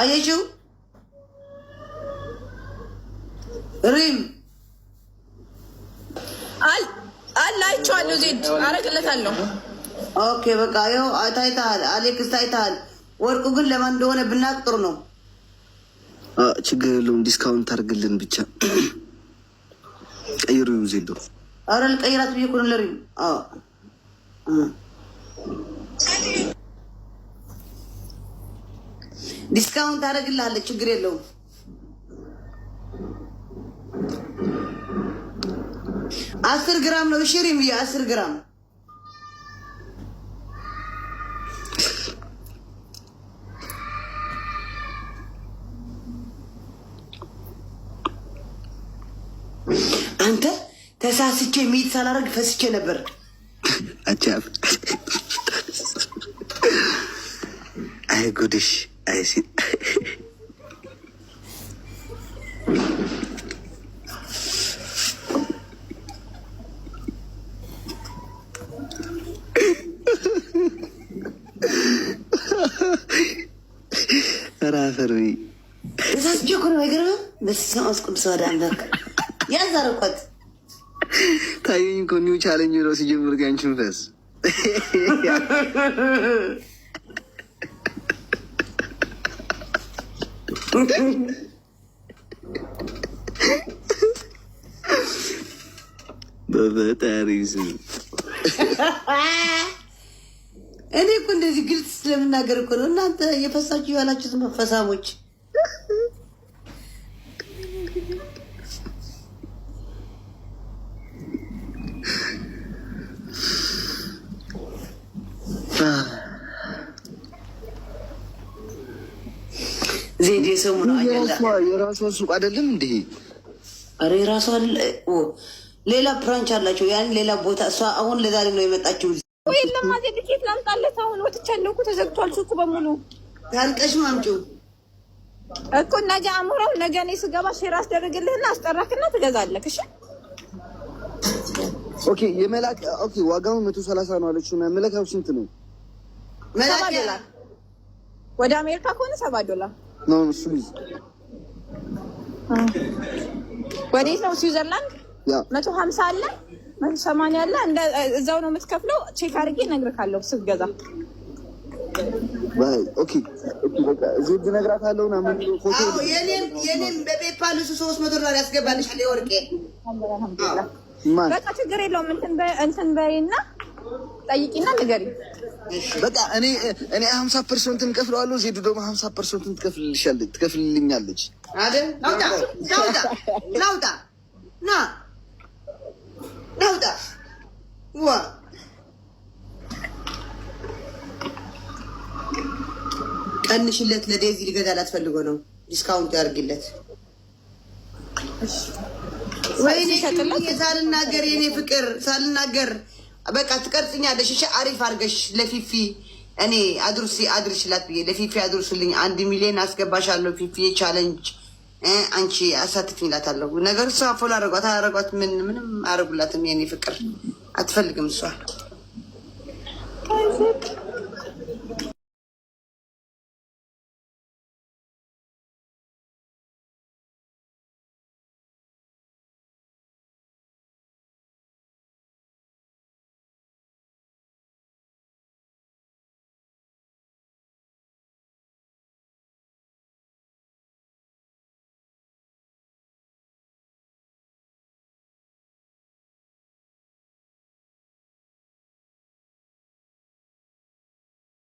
አየችው። ሪም አል አለ አይቼዋለሁ። ዜድ ኦኬ በቃ ይኸው ታይተሃል፣ አሌክስ ታይተሃል። ወርቁ ግን ለማን እንደሆነ ብናቅ ጥሩ ነው። ችግር የለውም። ዲስካውንት አድርግልን ብቻ ቀይሩ። ዜዶ አረ ልቀይራት ብዬ እኮ ነው ለሪም ዲስካውንት ታደርግላለች፣ ችግር የለውም። አስር ግራም ነው ሽሪ ሚ አስር ግራም አንተ ተሳስቼ ሚት ሳላረግ ፈስቼ ነበር። አይ ጉድሽ ራፈር እዛች እኮ ነው የገረመው። በስመ አብ ቅዱስ ወደ አንበርክ ያዛረኳት ታየኝ እኮ ኒው ቻለኝ ነው ሲጀምር ጋንችን በፈጣሪ እኔ እኮ እንደዚህ ግልጽ ስለምናገር እኮ ነው። እናንተ የፈሳችሁ ያላችሁት መፈሳሞች ዜድ የሰሙ የራሷ ሱቅ አይደለም እንደ ኧረ የራሷ ሌላ ብራንች አላቸው። ያን ሌላ ቦታ እሷ አሁን ለዛሬ ነው የመጣችው። የለም ዜድ ኬት ላምጣለት። አሁን ወጥቻለሁ እኮ ተዘግቷል ሱቁ በሙሉ። ታልቀሽ ማምጪው እኮ እና ጃምረው ነገ እኔ ስገባ ሼር አስደርግልህና አስጠራክና ትገዛለህ። እሺ ኦኬ። የመላክ ኦኬ። ዋጋው መቶ ሰላሳ ነው አለች። መለካው ስንት ነው? መላክ ወደ አሜሪካ ከሆነ ሰባ ዶላር ነው እሱ ወዴት ነው? ስዊዘርላንድ መቶ ሀምሳ አለ መቶ ሰማንያ አለ። እዛው ነው የምትከፍለው። ቼክ አድርጌ እነግርካለሁ ስትገዛ። ዜድ እነግራታለሁ። የኔም በፔፓል እሱ ሶስት መቶ ዶላር ያስገባልሻል። የወርቄ በቃ ችግር የለውም። እንትን በሬ እና ጠይቂና ንገሪ። በቃ እኔ እኔ ሀምሳ ፐርሰንትን ከፍለዋለሁ። ዜዱ ደግሞ ሀምሳ ፐርሰንትን ትከፍልልሻለች ትከፍልልኛለች። ቀንሽለት። ለዴዚ ሊገዛላት ፈልጎ ነው። ዲስካውንት ያርግለት። ወይኔ ሳልናገር የኔ ፍቅር ሳልናገር በቃ ትቀርጽኛለሽ። እሺ አሪፍ አድርገሽ ለፊፊ እኔ አድርሲ አድርሽላት ብዬ ለፊፊ አድርሱልኝ። አንድ ሚሊዮን አስገባሻለሁ ፊፊ ቻለንጅ አንቺ አሳትፊኝ እላታለሁ። ነገር እሷ ፎሎ አረጓት አረጓት ምን ምንም አረጉላትም። የኔ ፍቅር አትፈልግም እሷ